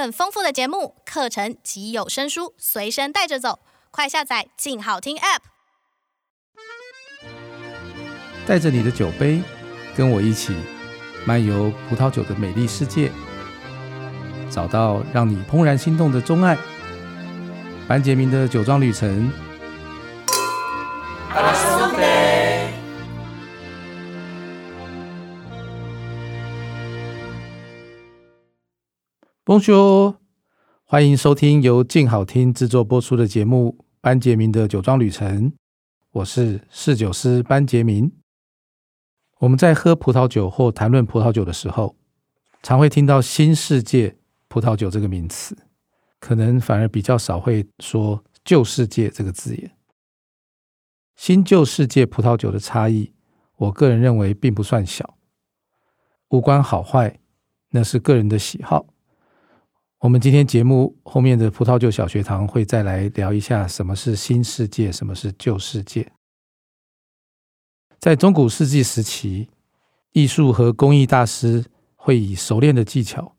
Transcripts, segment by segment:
很豐富的節目、課程及有聲書隨身帶着走，快下載“鏡好聽 ”App。帶着你的酒杯，跟我一起漫遊葡萄酒的美麗世界，找到讓你怦然心動的鍾愛。班傑銘的酒莊旅程。同學，歡迎收聽由靜好聽制作播出的節目《班傑銘的酒莊旅程》。我是侍酒師班傑銘。我們在喝葡萄酒或談論葡萄酒的時候，常會聽到“新世界”葡萄酒這個名詞，可能反而比較少會說“舊世界”這個字眼。新舊世界葡萄酒的差異，我個人認為並不算小。無關好壞，那是個人的喜好。我們今天節目後面的葡萄酒小學堂會再來聊一下什麼是新世界，什麼是舊世界。在中古世紀時期，藝術和工藝大師會以熟練的技巧，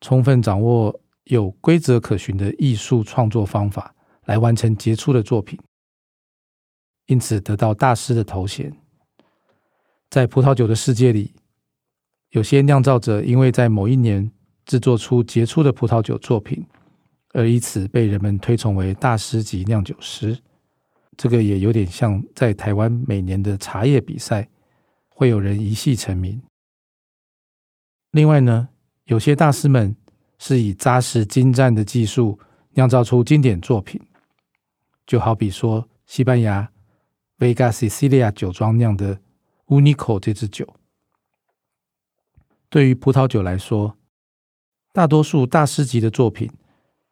充分掌握有規則可循的藝術創作方法，來完成傑出的作品，因此得到大師的頭銜。在葡萄酒的世界裡，有些釀造者因為在某一年，製作出傑出的葡萄酒作品，而以此被人們推崇為大師級釀酒師。這個也有點像在台灣每年的茶葉比賽，會有人一夕成名。另外呢，有些大師們是以扎實精湛的技術釀造出經典作品，就好比說西班牙 Vega Sicilia 酒莊釀的 Unico 這支酒。對於葡萄酒來說，大多數大師級的作品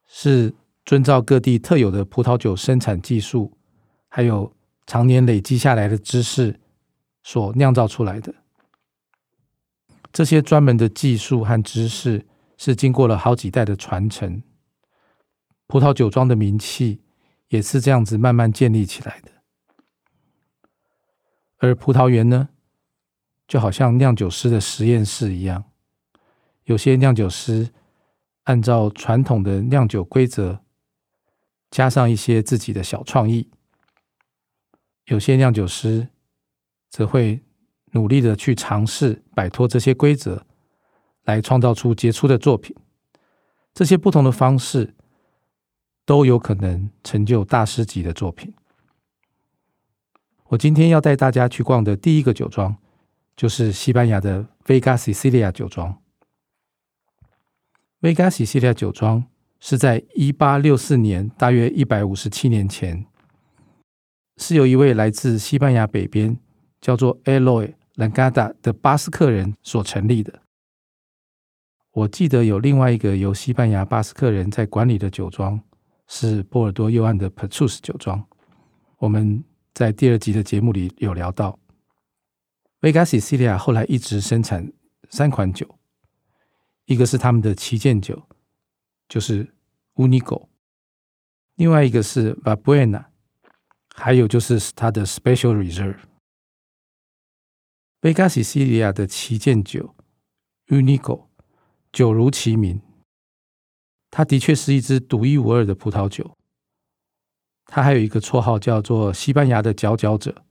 是遵照各地特有的葡萄酒生產技術，還有常年累積下來的知識所釀造出來的。這些專門的技術和知識是經過了好幾代的傳承，葡萄酒莊的名氣也是這樣子慢慢建立起來的。而葡萄園呢，就好像釀酒師的實驗室一樣。有些釀酒師按照傳統的釀酒規則，加上一些自己的小創意；有些釀酒師則會努力的去嘗試擺脫這些規則，來創造出傑出的作品。這些不同的方式都有可能成就大師級的作品。我今天要帶大家去逛的第一個酒莊，就是西班牙的 Vega Sicilia 酒莊。Vega Sicilia 酒莊是在一八六四年，大約一百五十七年前，是由一位來自西班牙北邊叫做 Aloy Langada 的巴斯克人所成立的。我記得有另外一個由西班牙巴斯克人在管理的酒莊，是波爾多右岸的 Petrus 酒莊。我們在第二集的節目裡有聊到，Vega Sicilia 後來一直生產三款酒。一個是他們的旗艦酒，就是 Unico。另外一個是 Valbuena，還有就是它的 Special Reserve。貝加西西利亞的旗艦酒 Unico，酒如其名，它的確是一支獨一無二的葡萄酒。它還有一個綽號叫做“西班牙的佼佼者”。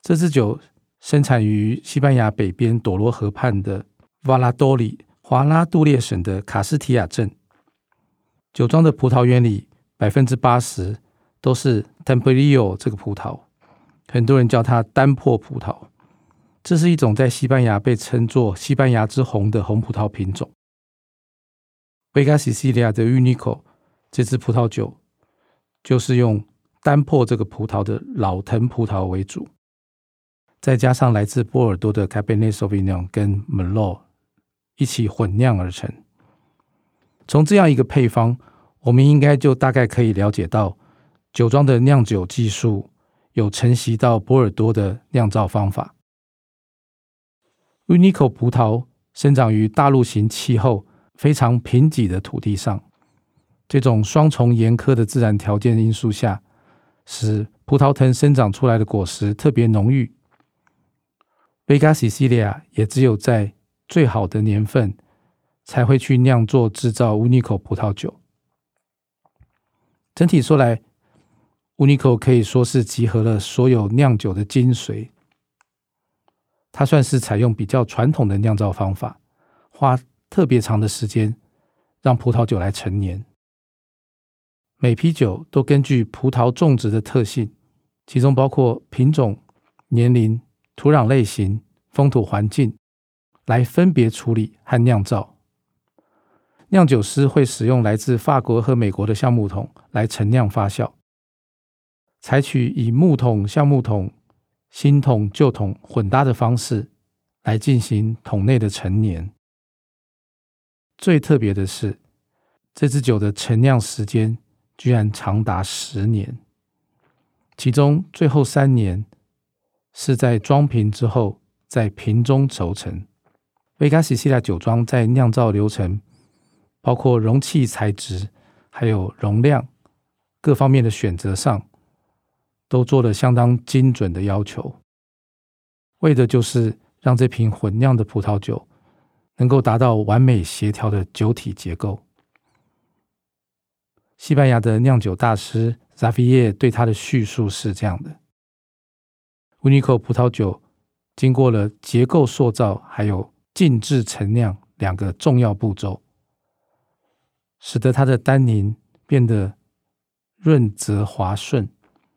這支酒生產於西班牙北邊朵羅河畔的 Valladolid 裡。瓦拉杜列省的卡斯提亞鎮，酒莊的葡萄園裡80，百分之八十都是 Tempranillo 這個葡萄，很多人叫它丹魄葡萄。這是一種在西班牙被稱作“西班牙之紅”的紅葡萄品種。維加西西利亞的 Unico 這支葡萄酒，就是用丹魄這個葡萄的老藤葡萄為主，再加上來自波爾多的 Cabernet Sauvignon 跟 Merlot。一起混釀而成。從這樣一個配方，我們應該就大概可以了解到，酒莊的釀酒技術有承襲到波爾多的釀造方法。Unico 葡萄生長於大陸型氣候、非常貧瘠的土地上，這種雙重嚴苛的自然條件因素下，使葡萄藤生長出來的果實特別濃郁。貝加西西里亞也只有在最好的年份才會去釀造、製造烏尼口葡萄酒。整體說來，烏尼口可以說是集合了所有釀酒的精髓。它算是採用比較傳統的釀造方法，花特別長的時間讓葡萄酒來陳年。每批酒都根據葡萄種植的特性，其中包括品種、年齡、土壤類型、風土環境。來分別處理和釀造。釀酒師會使用來自法國和美國的橡木桶來陳釀發酵，採取以木桶、橡木桶、新桶、舊桶混搭的方式來進行桶內的陳年。最特別的是，這支酒的陳釀時間居然長達十年，其中最後三年是在裝瓶之後在瓶中熟成。維加西西拉酒莊在釀造流程、包括容器材質、還有容量各方面的選擇上，都做了相當精準的要求，為的就是讓這瓶混釀的葡萄酒能夠達到完美協調的酒體結構。西班牙的釀酒大師扎菲耶對他的敘述是這樣的：“烏尼科葡萄酒經過了結構塑造，還有。”靜置陳釀兩個重要步驟，使得它的單寧變得潤澤滑順，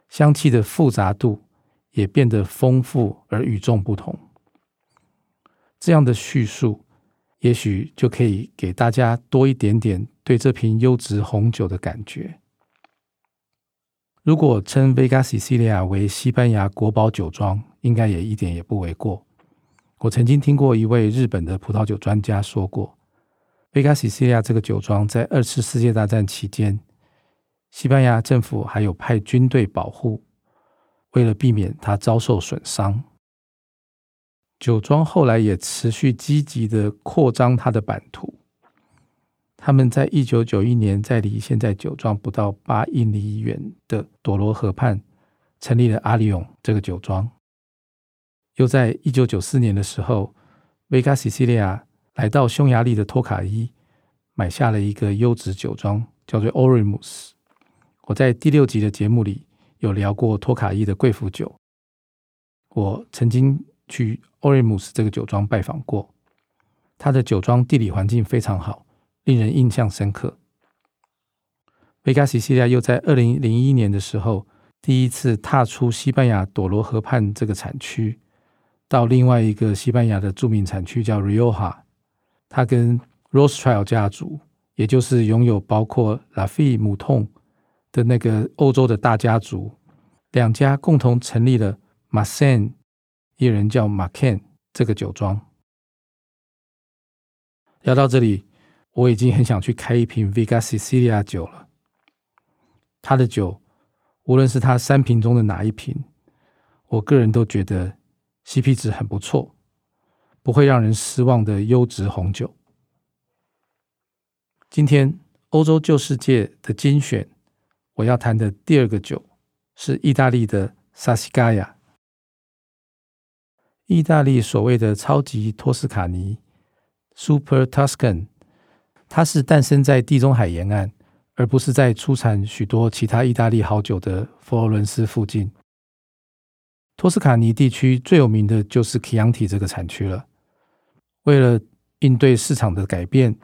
香氣的複雜度也變得豐富而與眾不同。這樣的敘述，也許就可以給大家多一點點對這瓶優質紅酒的感覺。如果稱 Vega Sicilia 為西班牙國寶酒莊，應該也一點也不為過。我曾經聽過一位日本的葡萄酒專家說過，Vega Sicilia 這個酒莊在二次世界大戰期間，西班牙政府還有派軍隊保護，為了避免它遭受損傷，酒莊後來也持續積極的擴張它的版圖。他們在一九九一年，在離現在酒莊不到八英里遠的朵羅河畔，成立了阿里永這個酒莊。又在一九九四年的時候，維加西西利亞來到匈牙利的托卡伊，買下了一個優質酒莊，叫做 Oremus。我在第六集的節目裡有聊過托卡伊的貴腐酒，我曾經去 Oremus 這個酒莊拜訪過，他的酒莊地理環境非常好，令人印象深刻。維加西西利亞又在二零零一年的時候，第一次踏出西班牙朵羅河畔這個產區。到另外一個西班牙的著名產區叫 Rioja，他跟 Rothschild 家族，也就是擁有包括拉菲、木桐的那個歐洲的大家族，兩家共同成立了 Marsan，一人叫 Macán 這個酒莊。聊到這裡，我已經很想去開一瓶 Vega Sicilia 酒了。他的酒，無論是他三瓶中的哪一瓶，我個人都覺得。CP 值很不錯，不會讓人失望的優質紅酒。今天歐洲舊世界的精選，我要談的第二個酒是意大利的 Sassicaia。意大利所謂的超級托斯卡尼 （Super Tuscan），它是誕生在地中海沿岸，而不是在出產許多其他意大利好酒的佛羅倫斯附近。托斯卡尼地區最有名的就是基昂提這個產區了。為了應對市場的改變，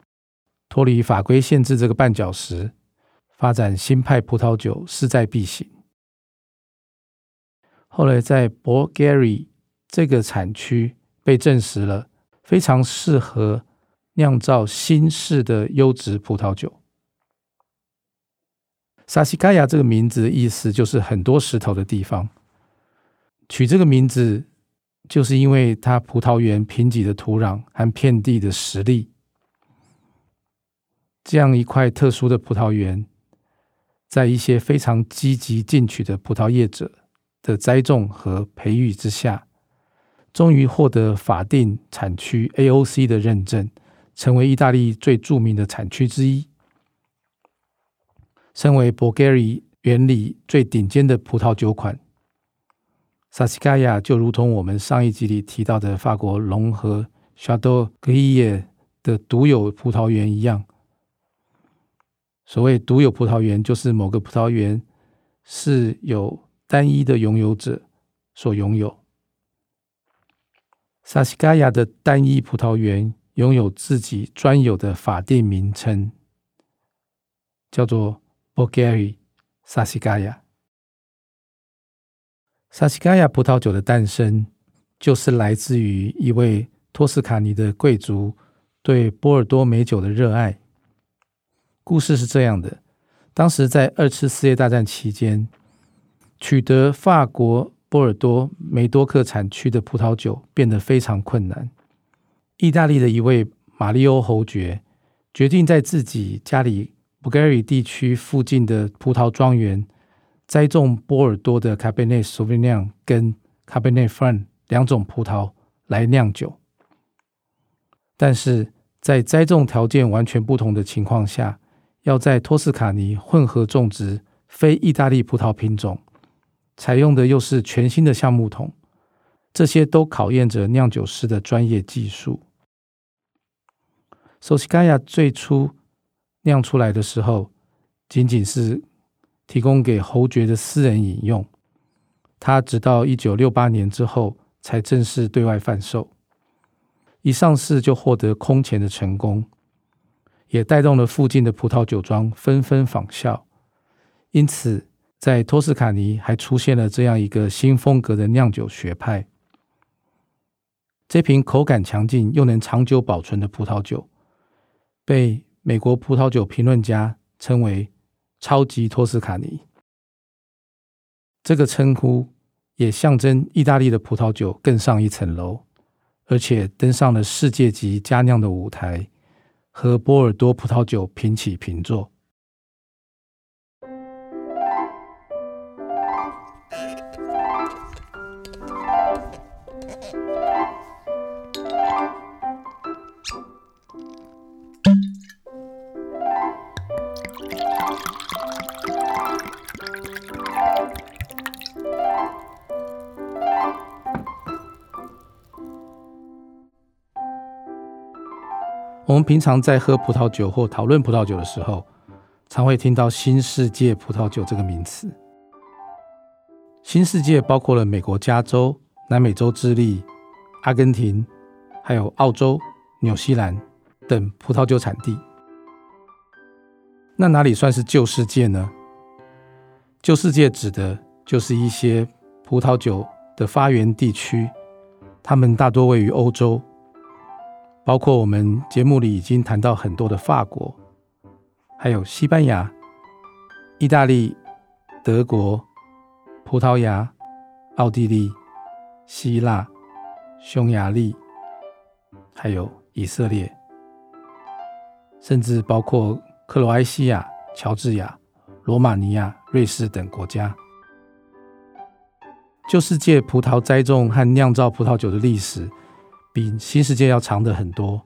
脫離法規限制這個絆腳石，發展新派葡萄酒勢在必行。後來在博爾蓋里這個產區被證實了，非常適合釀造新式的優質葡萄酒。薩西凱亞這個名字的意思就是很多石頭的地方。取這個名字，就是因為它葡萄園貧瘠的土壤和遍地的石礫。這樣一塊特殊的葡萄園，在一些非常積極進取的葡萄業者的栽種和培育之下，終於獲得法定產區 AOC 的認證，成為意大利最著名的產區之一。成為 Bolgheri 園裡最頂尖的葡萄酒款。薩西蓋亞就如同我們上一集裡提到的法國龍和 s h a d o w g r i l 的獨有葡萄園一樣，所謂獨有葡萄園，就是某個葡萄園是有單一的擁有者所擁有。薩西蓋亞的單一葡萄園擁有自己專有的法定名稱，叫做 b o r g o g Sacygaye。薩西蓋亞葡萄酒的誕生，就是來自於一位托斯卡尼的貴族對波爾多美酒的熱愛。故事是這樣的：當時在二次世界大戰期間，取得法國波爾多梅多克產區的葡萄酒變得非常困難。意大利的一位馬利奧侯爵決定在自己家裡布蓋里地區附近的葡萄莊園。栽種波爾多的卡貝內蘇維濃跟卡貝內弗朗兩種葡萄來釀酒，但是在栽種條件完全不同的情況下，要在托斯卡尼混合種植非意大利葡萄品種，採用的又是全新的橡木桶，這些都考驗着釀酒師的專業技術。索西嘎亞最初釀出來的時候，僅僅是，提供給侯爵的私人飲用，他直到一九六八年之後才正式對外販售，一上市就獲得空前的成功，也帶動了附近的葡萄酒莊紛紛仿效，因此在托斯卡尼還出現了這樣一個新風格的釀酒學派。這瓶口感強勁又能長久保存的葡萄酒，被美國葡萄酒評論家稱為。超級托斯卡尼，這個稱呼也象徵意大利的葡萄酒更上一層樓，而且登上了世界級佳釀的舞台，和波爾多葡萄酒平起平坐。我們平常在喝葡萄酒或討論葡萄酒的時候，常會聽到“新世界葡萄酒”這個名詞。新世界包括了美國加州、南美洲智利、阿根廷，還有澳洲、紐西蘭等葡萄酒產地。那哪裡算是舊世界呢？舊世界指的就是一些葡萄酒的發源地區，它們大多位於歐洲。包括我們節目裡已經談到很多的法國，還有西班牙、意大利、德國、葡萄牙、奧地利、希臘、匈牙利，還有以色列，甚至包括克羅埃西亞、喬治亞、羅馬尼亞、瑞士等國家，舊世界葡萄栽種和釀造葡萄酒的歷史，比新世界要長的很多。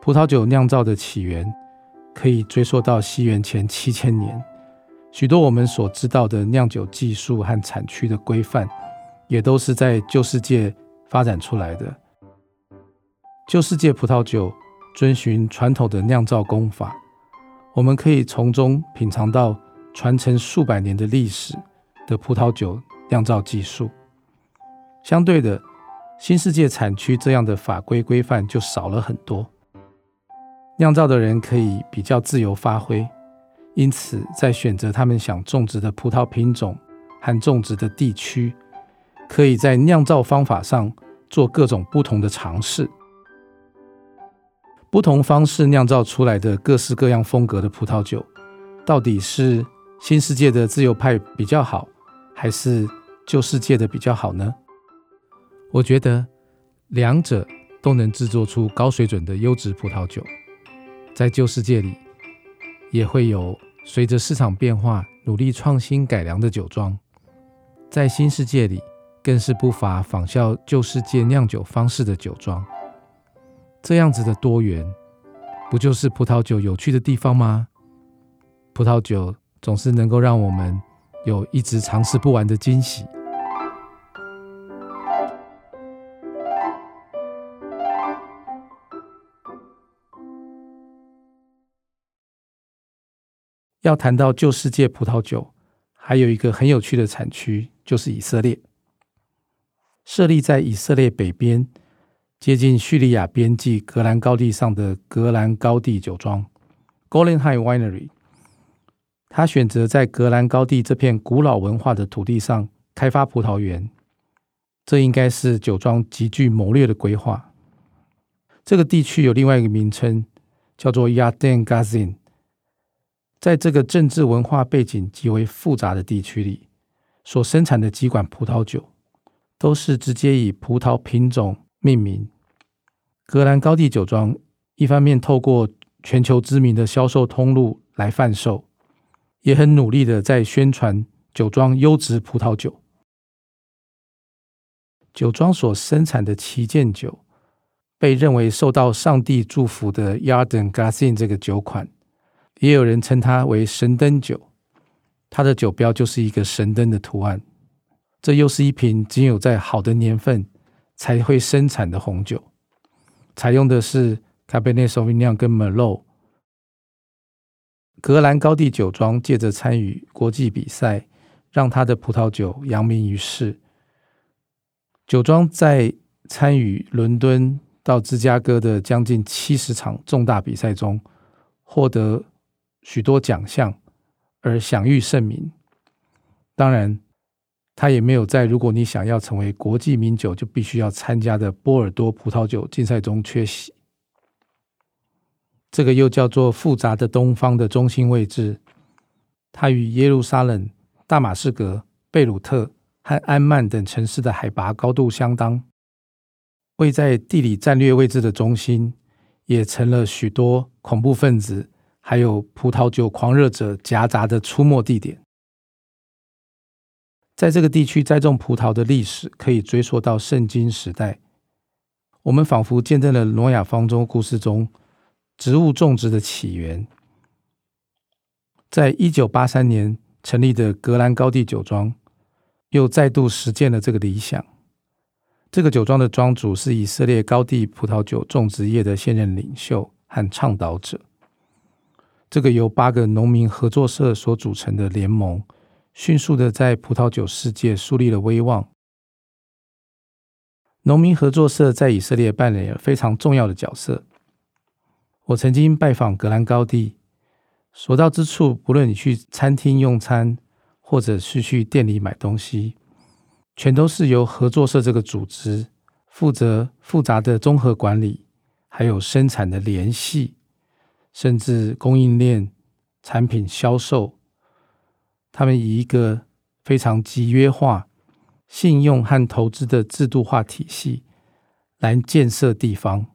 葡萄酒釀造的起源可以追溯到西元前七千年，許多我們所知道的釀酒技術和產區的規範，也都是在舊世界發展出來的。舊世界葡萄酒遵循傳統的釀造工法，我們可以從中品嘗到傳承數百年的歷史的葡萄酒釀造技術。相對的。新世界產區這樣的法規規範就少了很多，釀造的人可以比較自由發揮，因此在選擇他們想種植的葡萄品種和種植的地區，可以在釀造方法上做各種不同的嘗試。不同方式釀造出來的各式各樣風格的葡萄酒，到底是新世界的自由派比較好，還是舊世界的比較好呢？我覺得兩者都能製作出高水準的優質葡萄酒。在舊世界裡，也會有隨着市場變化努力創新改良的酒莊。在新世界裡，更是不乏仿效舊世界釀酒方式的酒莊。這樣子的多元，不就是葡萄酒有趣的地方嗎？葡萄酒總是能夠讓我們有一直嘗試不完的驚喜。要談到舊世界葡萄酒，還有一個很有趣的產區就是以色列。設立在以色列北邊，接近敘利亞邊際格蘭高地上的格蘭高地酒莊 g o l e n High Winery），他選擇在格蘭高地這片古老文化的土地上開發葡萄園，這應該是酒莊極具謀略的規劃。這個地區有另外一個名稱，叫做 Yarden Gazi。在這個政治文化背景極為複雜的地區裡，所生產的幾款葡萄酒都是直接以葡萄品種命名。格蘭高地酒莊一方面透過全球知名的銷售通路來販售，也很努力的在宣傳酒莊優質葡萄酒。酒莊所生產的旗艦酒被認為受到上帝祝福的 Yarden g l a s s i n 這個酒款。也有人稱它為“神燈酒”，它的酒標就是一個神燈的圖案。這又是一瓶僅有在好的年份才會生產的紅酒，採用的是卡貝內蘇維釀跟梅洛。格蘭高地酒莊借着參與國際比賽，讓他的葡萄酒揚名於世。酒莊在參與倫敦到芝加哥的將近七十場重大比賽中獲得。許多獎項而享譽盛名，當然，他也沒有在如果你想要成為國際名酒，就必須要參加的波爾多葡萄酒競賽中缺席。這個又叫做複雜的東方的中心位置，它與耶路撒冷、大馬士革、貝魯特和安曼等城市的海拔高度相當，位在地理戰略位置的中心，也成了許多恐怖分子，還有葡萄酒狂熱者夾雜的出沒地點，在這個地區栽種葡萄的歷史可以追溯到聖經時代。我們仿佛見證了挪亞方舟故事中植物種植的起源。在1983年成立的格蘭高地酒莊，又再度實踐了這個理想。這個酒莊的莊主是以色列高地葡萄酒種植業的現任領袖和倡導者。這個由八個農民合作社所組成的聯盟，迅速地在葡萄酒世界樹立了威望。農民合作社在以色列扮演了非常重要的角色。我曾經拜訪格蘭高地，所到之處，不論你去餐廳用餐，或者是去店裡買東西，全都是由合作社這個組織負責複雜的綜合管理，還有生產的聯繫。甚至供應鏈、產品銷售，他們以一個非常集約化、信用、和投資的制度化體系來建設地方，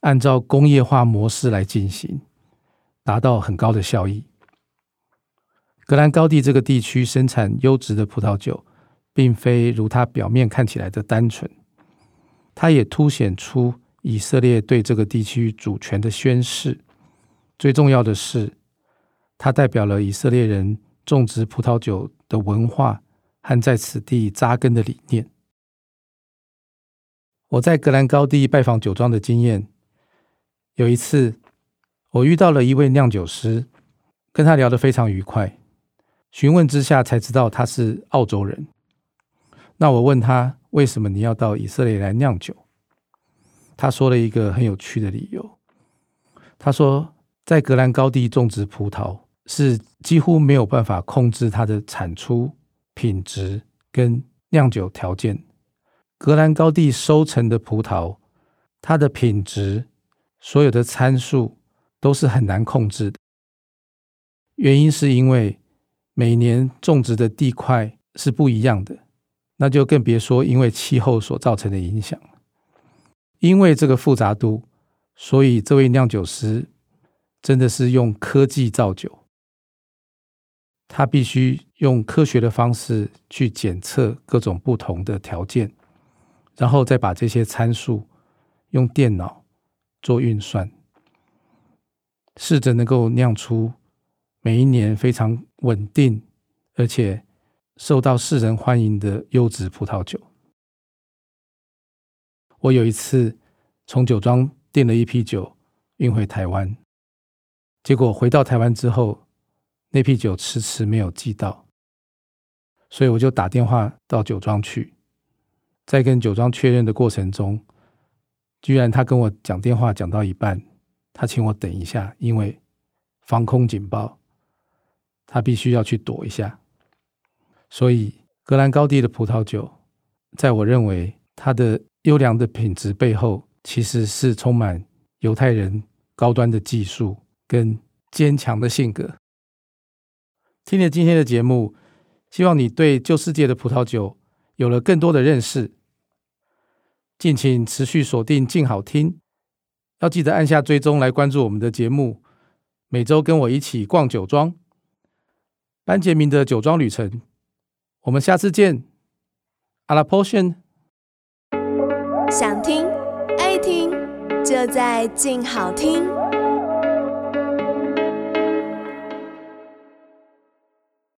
按照工業化模式來進行，達到很高的效益。格蘭高地這個地區生產優質的葡萄酒，並非如它表面看起來的單純，它也凸顯出。以色列對這個地區主權的宣示，最重要的是，它代表了以色列人種植葡萄酒的文化和在此地扎根的理念。我在格蘭高地拜訪酒莊的經驗，有一次我遇到了一位釀酒師，跟他聊得非常愉快，詢問之下才知道他是澳洲人。那我問他為什麼你要到以色列來釀酒？他說了一個很有趣的理由。他說，在格蘭高地種植葡萄是幾乎沒有辦法控制它的產出品質跟釀酒條件。格蘭高地收成的葡萄，它的品質所有的參數都是很難控制的。原因是因為每年種植的地塊是不一樣的，那就更別說因為氣候所造成的影響。因為這個複雜度，所以這位釀酒師真的是用科技造酒。他必須用科學的方式去檢測各種不同的條件，然後再把這些參數用電腦做運算，試着能夠釀出每一年非常穩定而且受到世人歡迎的優質葡萄酒。我有一次從酒莊訂了一批酒運回台灣，結果回到台灣之後，那批酒遲遲沒有寄到，所以我就打電話到酒莊去，在跟酒莊確認的過程中，居然他跟我講電話講到一半，他請我等一下，因為防空警報，他必須要去躲一下，所以格蘭高地的葡萄酒，在我認為他的。優良的品質背後，其實是充滿猶太人高端的技術跟堅強的性格。聽了今天的節目，希望你對舊世界的葡萄酒有了更多的認識。敬請持續鎖定靜好聽，要記得按下追蹤來關注我們的節目。每周跟我一起逛酒莊，班傑明的酒莊旅程。我們下次見。阿拉波遜。想聽愛聽，就在靜好聽。